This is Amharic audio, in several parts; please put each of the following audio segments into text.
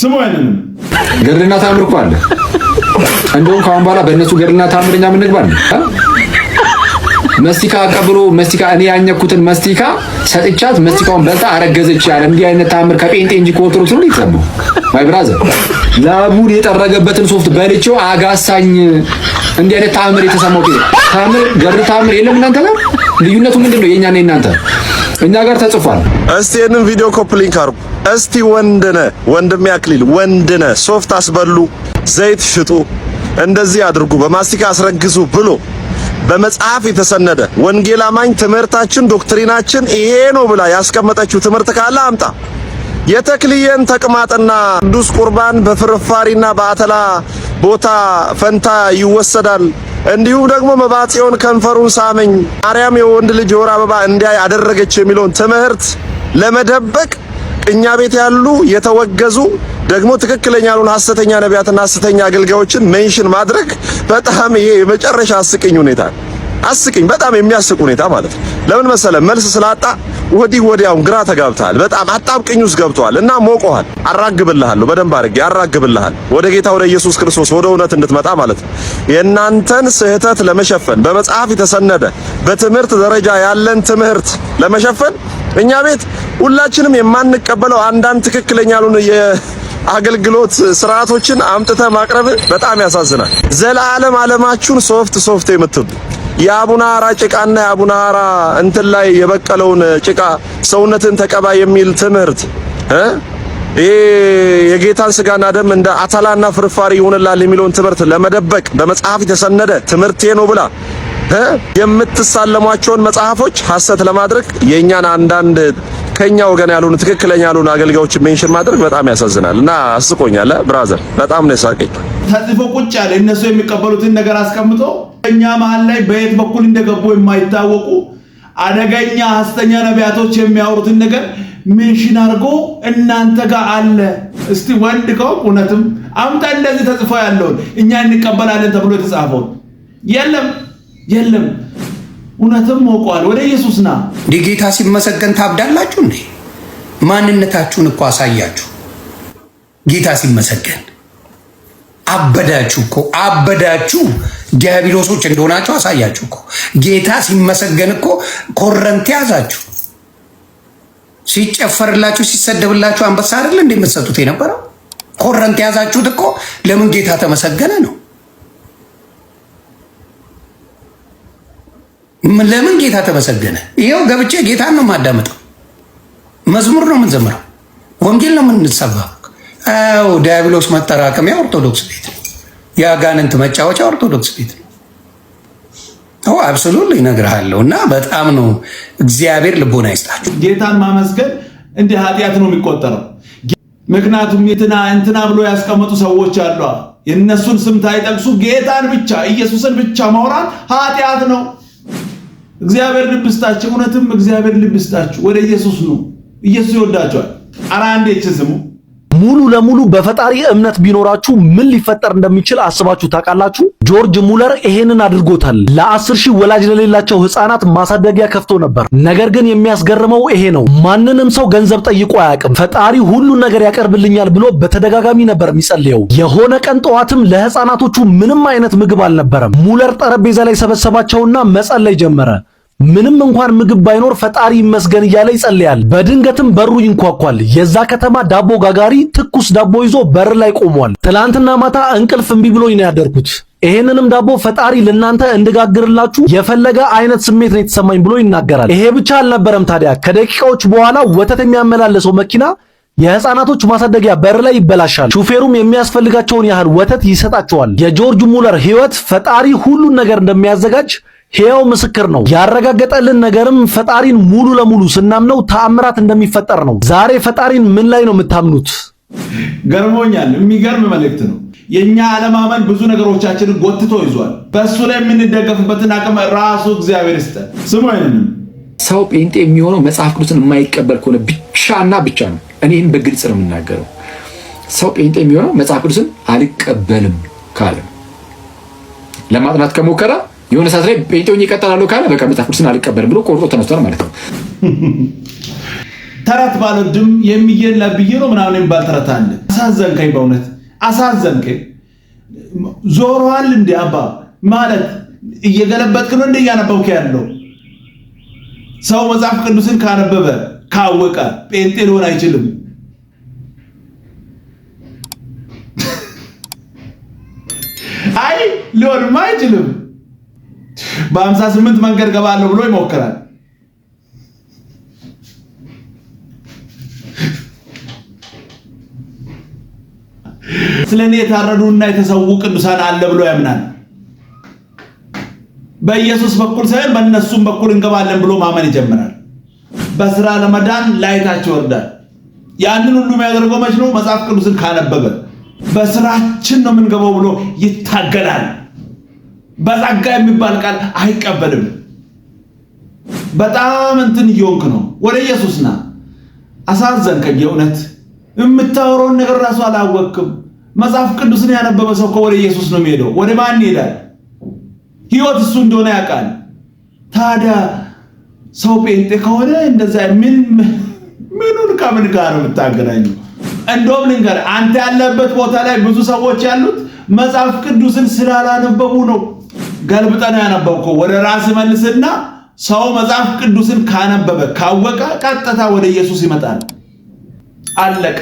ስሙ አይደለም ገድልና ታምር እኮ አለ። እንደውም ከአሁን በኋላ በእነሱ ገድልና ታምር እኛ ምንግባ መስቲካ ቀብሮ መስቲካ እኔ ያኘኩትን መስቲካ ሰጥቻት መስቲካውን በልታ አረገዘች ያለ እንዲህ አይነት ታምር ከጴንጤ እንጂ ከኦርቶዶክስ ነው ይሰሙ። ማይ ብራዘር ላቡን የጠረገበትን ሶፍት በልቼው አጋሳኝ። እንዲህ አይነት ታምር የተሰማው ታምር ገር ታምር የለም እናንተ ጋር። ልዩነቱ ምንድን ነው? የእኛና የእናንተ እኛ ጋር ተጽፏል። እስቲ ይህንን ቪዲዮ ኮፕሊንክ አርጉ እስቲ ወንድነ ወንድም አክሊል ወንድነ ሶፍት አስበሉ፣ ዘይት ሽጡ፣ እንደዚህ አድርጉ፣ በማስቲካ አስረግዙ ብሎ በመጽሐፍ የተሰነደ ወንጌል አማኝ ትምህርታችን ዶክትሪናችን ይሄ ነው ብላ ያስቀመጠችው ትምህርት ካለ አምጣ። የተክልየን ተቅማጥና ቅዱስ ቁርባን በፍርፋሪና በአተላ ቦታ ፈንታ ይወሰዳል። እንዲሁም ደግሞ መባጽዮን ከንፈሩን ሳመኝ፣ ማርያም የወንድ ልጅ የወር አበባ እንዲያይ አደረገች የሚለውን ትምህርት ለመደበቅ እኛ ቤት ያሉ የተወገዙ ደግሞ ትክክለኛ ያሉን ሐሰተኛ ነቢያትና ሐሰተኛ አገልጋዮችን ሜንሽን ማድረግ በጣም ይሄ የመጨረሻ አስቂኝ ሁኔታ አስቂኝ በጣም የሚያስቅ ሁኔታ ማለት ነው። ለምን መሰለ መልስ ስላጣ ወዲህ ወዲያውን ግራ ተጋብተሃል። በጣም አጣብቅኝ ውስጥ ገብተዋል እና ሞቆሃል። አራግብልሃለሁ፣ በደንብ አድርጌ አራግብልሃል። ወደ ጌታ ወደ ኢየሱስ ክርስቶስ ወደ እውነት እንድትመጣ ማለት ነው። የእናንተን ስህተት ለመሸፈን በመጽሐፍ የተሰነደ በትምህርት ደረጃ ያለን ትምህርት ለመሸፈን እኛ ቤት ሁላችንም የማንቀበለው አንዳንድ ትክክለኛ ያልሆኑ የአገልግሎት ስርዓቶችን አምጥተ ማቅረብ በጣም ያሳዝናል። ዘላለም አለማችሁን ሶፍት ሶፍት የምትሉ የአቡነ አራ ጭቃና የአቡነ አራ እንትን ላይ የበቀለውን ጭቃ ሰውነትን ተቀባ የሚል ትምህርት ይሄ የጌታን ስጋና ደም እንደ አተላና ፍርፋሪ ይሆንላል የሚለውን ትምህርት ለመደበቅ በመጽሐፍ የተሰነደ ትምህርቴ ነው ብላ የምትሳለሟቸውን መጽሐፎች ሐሰት ለማድረግ የእኛን አንዳንድ ከኛ ወገን ያልሆኑ ትክክለኛ ያልሆኑ አገልጋዮች ሜንሽን ማድረግ በጣም ያሳዝናል እና አስቆኛል። ብራዘር በጣም ነው የሳቀኝ። ተጽፎ ቁጭ ያለ እነሱ የሚቀበሉትን ነገር አስቀምጦ እኛ መሀል ላይ በየት በኩል እንደገቡ የማይታወቁ አደገኛ ሐሰተኛ ነቢያቶች የሚያወሩትን ነገር ሜንሽን አድርጎ እናንተ ጋር አለ። እስቲ ወንድ ከው እውነትም አምጣ እንደዚህ ተጽፎ ያለውን እኛ እንቀበላለን ተብሎ የተጻፈውን የለም የለም እውነትም ሞቋል። ወደ ኢየሱስ ና። እንዲህ ጌታ ሲመሰገን ታብዳላችሁ እንዴ? ማንነታችሁን እኮ አሳያችሁ። ጌታ ሲመሰገን አበዳችሁ እኮ አበዳችሁ። ዲያብሎሶች እንደሆናችሁ አሳያችሁ እኮ። ጌታ ሲመሰገን እኮ ኮረንት ያዛችሁ። ሲጨፈርላችሁ፣ ሲሰደብላችሁ አንበሳ እንደ እንደምትሰጡት የነበረው ኮረንት ያዛችሁት እኮ። ለምን ጌታ ተመሰገነ ነው ለምን ጌታ ተመሰገነ? ይኸው ገብቼ ጌታን ነው የማዳምጠው። መዝሙር ነው የምንዘምረው፣ ወንጌል ነው የምንሰባ። ው ዲያብሎስ መጠራቀሚያ ኦርቶዶክስ ቤት ነው። የአጋንንት መጫወቻ ኦርቶዶክስ ቤት ነው። አብስሉል ይነግርሃለሁ። እና በጣም ነው እግዚአብሔር ልቦና ይስጣችሁ። ጌታን ማመስገን እንደ ኃጢአት ነው የሚቆጠረው። ምክንያቱም የትና እንትና ብሎ ያስቀመጡ ሰዎች አሉ። የእነሱን ስም ታይጠቅሱ ጌታን ብቻ ኢየሱስን ብቻ ማውራት ኃጢአት ነው። እግዚአብሔር ልብ ስጣችሁ። እውነትም እግዚአብሔር ልብ ወደ ኢየሱስ ነው። ኢየሱስ ይወዳቸዋል። አራ አንዴ ስሙ ሙሉ ለሙሉ በፈጣሪ እምነት ቢኖራችሁ ምን ሊፈጠር እንደሚችል አስባችሁ ታውቃላችሁ? ጆርጅ ሙለር ይሄንን አድርጎታል። ለአስር ሺህ ወላጅ ለሌላቸው ህፃናት ማሳደጊያ ከፍቶ ነበር። ነገር ግን የሚያስገርመው ይሄ ነው፣ ማንንም ሰው ገንዘብ ጠይቆ አያውቅም። ፈጣሪ ሁሉን ነገር ያቀርብልኛል ብሎ በተደጋጋሚ ነበር የሚጸልየው። የሆነ ቀን ጠዋትም ለህፃናቶቹ ምንም አይነት ምግብ አልነበረም። ሙለር ጠረጴዛ ላይ ሰበሰባቸውና መጸለይ ጀመረ። ምንም እንኳን ምግብ ባይኖር ፈጣሪ ይመስገን እያለ ይጸልያል። በድንገትም በሩ ይንኳኳል። የዛ ከተማ ዳቦ ጋጋሪ ትኩስ ዳቦ ይዞ በር ላይ ቆሟል። ትላንትና ማታ እንቅልፍ እምቢ ብሎኝ ነው ያደርኩት። ይሄንንም ዳቦ ፈጣሪ ለናንተ እንድጋግርላችሁ የፈለገ አይነት ስሜት ነው የተሰማኝ ብሎ ይናገራል። ይሄ ብቻ አልነበረም ታዲያ። ከደቂቃዎች በኋላ ወተት የሚያመላለሰው መኪና የህፃናቶች ማሳደጊያ በር ላይ ይበላሻል። ሹፌሩም የሚያስፈልጋቸውን ያህል ወተት ይሰጣቸዋል። የጆርጅ ሙለር ህይወት ፈጣሪ ሁሉን ነገር እንደሚያዘጋጅ ሕያው ምስክር ነው። ያረጋገጠልን ነገርም ፈጣሪን ሙሉ ለሙሉ ስናምነው ተአምራት እንደሚፈጠር ነው። ዛሬ ፈጣሪን ምን ላይ ነው የምታምኑት? ገርሞኛል። የሚገርም መልእክት ነው። የኛ አለማመን ብዙ ነገሮቻችንን ጎትቶ ይዟል። በእሱ ላይ የምንደገፍበትን አቅም ራሱ እግዚአብሔር ይስጠን። ስሙ አይነንም ሰው ጴንጤ የሚሆነው መጽሐፍ ቅዱስን የማይቀበል ከሆነ ብቻና ብቻ ነው። እኔ ይህን በግልጽ ነው የምናገረው። ሰው ጴንጤ የሚሆነው መጽሐፍ ቅዱስን አልቀበልም ካለ ለማጥናት ከሞከረ የሆነ ሰዓት ላይ ጴንጤው ይቀጠላሉ ካለ በቃ መጽሐፍ ቅዱስን አልቀበልም ብሎ ቆርጦ ተነስቷል ማለት ነው። ተረት ባልወድም የሚየላ ብዬ ነው ምናምን የሚባል ተረት አለ። አሳዘንከኝ፣ በእውነት አሳዘንከኝ። ዞሮሃል እንዲ አባ ማለት እየገለበጥክ ነው እንደ እያነበብክ ያለው ሰው መጽሐፍ ቅዱስን ካነበበ ካወቀ ጴንጤ ሊሆን አይችልም። በአምሳ ስምንት መንገድ ገባለሁ ብሎ ይሞክራል። ስለ እኔ የታረዱና የተሰዉ ቅዱሳን አለ ብሎ ያምናል። በኢየሱስ በኩል ሳይሆን በእነሱም በኩል እንገባለን ብሎ ማመን ይጀምራል። በስራ ለመዳን ላይታቸው ይወርዳል። ያንን ሁሉ የሚያደርገው መች ነው? መጽሐፍ ቅዱስን ካነበበ በስራችን ነው የምንገባው ብሎ ይታገላል። በጸጋ የሚባል ቃል አይቀበልም። በጣም እንትን እየሆንክ ነው። ወደ ኢየሱስ ና። አሳዘንከኝ። የእውነት የምታወራውን ነገር ራሱ አላወቅክም። መጽሐፍ ቅዱስን ያነበበ ሰው እኮ ወደ ኢየሱስ ነው የሚሄደው። ወደ ማን ይሄዳል? ህይወት እሱ እንደሆነ ያውቃል። ታዲያ ሰው ጴንጤ ከሆነ እንደዛ ምን ምኑን ከምን ጋር ነው የምታገናኙ? እንደውም ልንገር፣ አንተ ያለበት ቦታ ላይ ብዙ ሰዎች ያሉት መጽሐፍ ቅዱስን ስላላነበቡ ነው። ገልብጠ ነው ወደ ራስ መልስና ሰው መጽሐፍ ቅዱስን ካነበበ ካወቀ ቀጥታ ወደ ኢየሱስ ይመጣል። አለቀ።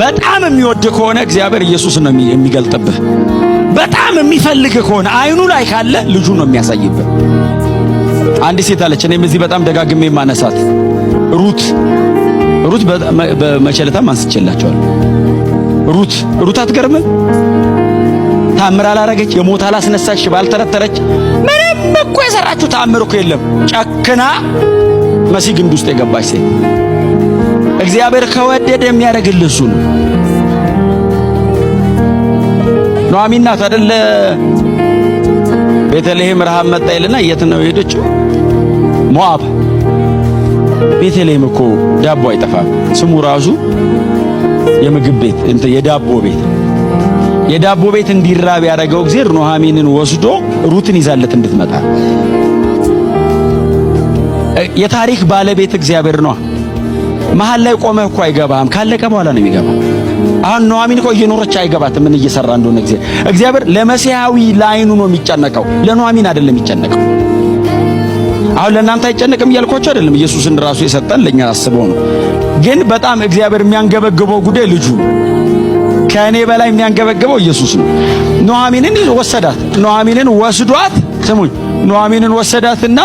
በጣም የሚወድ ከሆነ እግዚአብሔር ኢየሱስ ነው የሚገልጥብህ። በጣም የሚፈልግ ከሆነ አይኑ ላይ ካለ ልጁ ነው የሚያሳይብህ። አንድ ሴት አለች፣ እኔም እዚህ በጣም ደጋግሜ ማነሳት ሩት ሩት በመቸለታም አንስቼላቸዋለሁ። ሩት ሩት አትገርምም? ታምር አላረገች፣ የሞት አላስነሳች፣ ባልተረተረች ምንም እኮ የሰራችሁ ታምር እኮ የለም። ጨክና መሲ ግንድ ውስጥ የገባች ሴት እግዚአብሔር ከወደደ የሚያደርግልህ እሱ ነው። ኑኃሚን ናት አይደለ? ቤተልሔም ረሃብ መጣ ይልና የት ነው የሄደችው? ሞአብ። ቤተልሔም እኮ ዳቦ አይጠፋም። ስሙ ራሱ የምግብ ቤት እንትን የዳቦ ቤት የዳቦ ቤት እንዲራብ ያደረገው እግዚአብሔር ኑኃሚንን ወስዶ ሩትን ይዛለት እንድትመጣ የታሪክ ባለቤት እግዚአብሔር ነው። መሀል ላይ ቆመህ እኮ አይገባህም። ካለቀ በኋላ ነው የሚገባ። አሁን ኑኃሚን እኮ እየኖረች አይገባት ምን እየሰራ እንደሆነ እግዚአብሔር እግዚአብሔር ለመሲያዊ ለአይኑ ነው የሚጨነቀው፣ ለኑኃሚን አይደለም የሚጨነቀው። አሁን ለእናንተ አይጨነቅም እያልኳቸው አይደለም። ኢየሱስን ራሱ የሰጠን ለኛ አስበው ነው። ግን በጣም እግዚአብሔር የሚያንገበግበው ጉዳይ ልጁ ከእኔ በላይ የሚያንገበግበው ኢየሱስ ነው። ኑኃሚንን ወሰዳት። ኑኃሚንን ወስዷት፣ ስሙኝ፣ ኑኃሚንን ወሰዳትና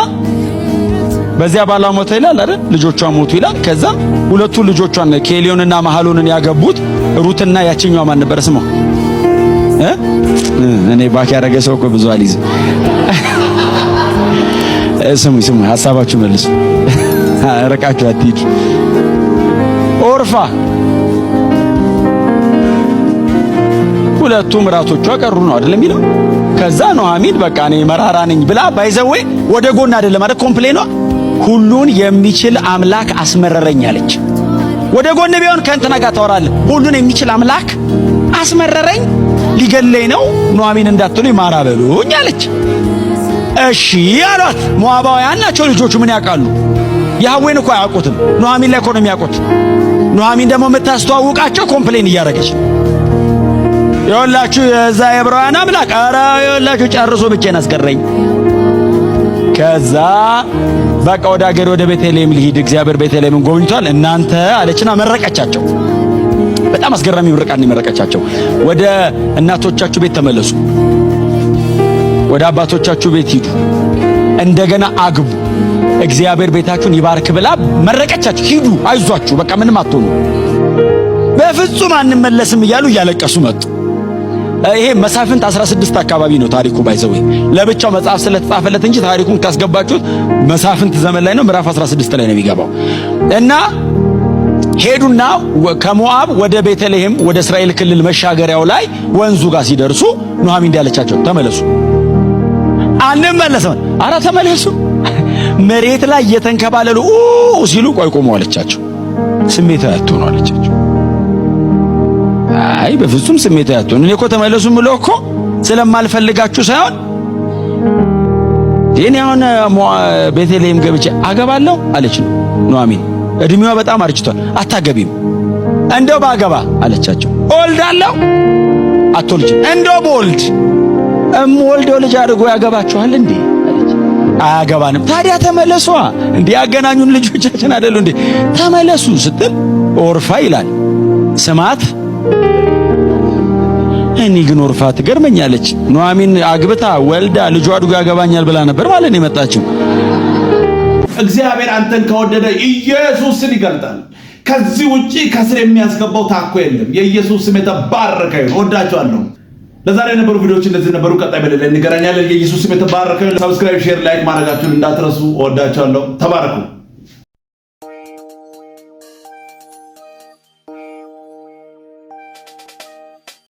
በዚያ ባላ ሞተ ይላል አይደል? ልጆቿ ሞቱ ይላል። ከዛ ሁለቱ ልጆቿን ኬሊዮንና መሐሎንን ያገቡት ሩትና ያችኛዋ ማን ነበረ ስሟ? እኔ ባክ ያደረገ ሰው እኮ ብዙ አሊዝ። ስሙኝ ስሙኝ፣ ሀሳባችሁ መልሱ፣ ረቃችሁ አትሂዱ። ኦርፋ ሁለቱ ምራቶቿ ቀሩ ነው አይደል የሚለው። ከዛ ኑኃሚን በቃ እኔ መራራ ነኝ ብላ ባይዘዌ ወደ ጎን አይደለም ኮምፕሌ ኮምፕሌኗ ሁሉን የሚችል አምላክ አስመረረኝ አለች። ወደ ጎን ቢሆን ከእንትና ጋር ታወራለ። ሁሉን የሚችል አምላክ አስመረረኝ ሊገለኝ ነው ኑኃሚን እንዳትሉ ማራ በሉኝ አለች። እሺ አሏት። ሞዓባውያን ናቸው ልጆቹ ምን ያውቃሉ? ያህዌን እኮ አያውቁትም። ኑኃሚን ላይ እኮ ነው የሚያውቁት። ኑኃሚን ደግሞ የምታስተዋውቃቸው ኮምፕሌን እያደረገች የወላችሁ የዛ የዕብራውያን አምላክ አረ የወላችሁ ጨርሶ ብቻዬን አስቀረኝ። ከዛ በቃ ወደ ሀገር ወደ ቤተልሔም ልሂድ፣ እግዚአብሔር ቤተልሔምን ጎብኝቷል እናንተ አለችና መረቀቻቸው። በጣም አስገራሚ ምርቃት ነው የመረቀቻቸው። ወደ እናቶቻችሁ ቤት ተመለሱ፣ ወደ አባቶቻችሁ ቤት ሂዱ፣ እንደገና አግቡ፣ እግዚአብሔር ቤታችሁን ይባርክ ብላ መረቀቻችሁ። ሂዱ፣ አይዟችሁ፣ በቃ ምንም አትሆኑ፣ በፍጹም አንመለስም እያሉ እያለቀሱ መጡ። ይሄ መሳፍንት 16 አካባቢ ነው ታሪኩ ባይዘው ለብቻው መጽሐፍ ስለተጻፈለት እንጂ ታሪኩን ካስገባችሁት መሳፍንት ዘመን ላይ ነው፣ ምዕራፍ 16 ላይ ነው የሚገባው እና ሄዱና ከሞአብ ወደ ቤተልሔም ወደ እስራኤል ክልል መሻገሪያው ላይ ወንዙ ጋር ሲደርሱ ኑሐሚን እንዲያለቻቸው ተመለሱ። አንመለስም፣ አረ ተመለሱ። መሬት ላይ እየተንከባለሉ ሲሉ ቆይ ቆሙ አለቻቸው። ስሜት አያትሆኑ አለች። አይ በፍጹም ስሜት ያቱን እኔ እኮ ተመለሱ ምለው እኮ ስለማልፈልጋችሁ ሳይሆን እኔ አሁን ቤተልሔም ገብቼ አገባለሁ አለች ኑሐሚን። እድሜዋ በጣም አርጅቷል። አታገቢም እንደው ባገባ አለቻቸው። እወልዳለሁ አትወልጅ እንደው በወልድ እምወልደው ልጅ አድርጎ ያገባችኋል እንዴ? አያገባንም። ታዲያ ተመለሷ እንዴ ያገናኙን ልጆቻችን አይደሉ እንዴ? ተመለሱ ስትል ኦርፋ ይላል ስማት እኔ ግን ወርፋ ትገርመኛለች። ኑሐሚን አግብታ ወልዳ ልጇ አድጎ ያገባኛል ብላ ነበር ማለት ነው የመጣችው። እግዚአብሔር አንተን ከወደደ ኢየሱስን ይገልጣል። ከዚህ ውጪ ከስር የሚያስገባው ታኮ የለም። የኢየሱስ ስም የተባረከ ይሁን። ወዳቸዋለሁ። ለዛሬ የነበሩ ቪዲዮዎች እንደዚህ ነበሩ። ቀጣይ በሌላ እንገናኛለን። የኢየሱስ ስም የተባረከ። ሰብስክራይብ፣ ሼር፣ ላይክ ማድረጋችሁን እንዳትረሱ። ወዳቸዋለሁ። ተባረኩ።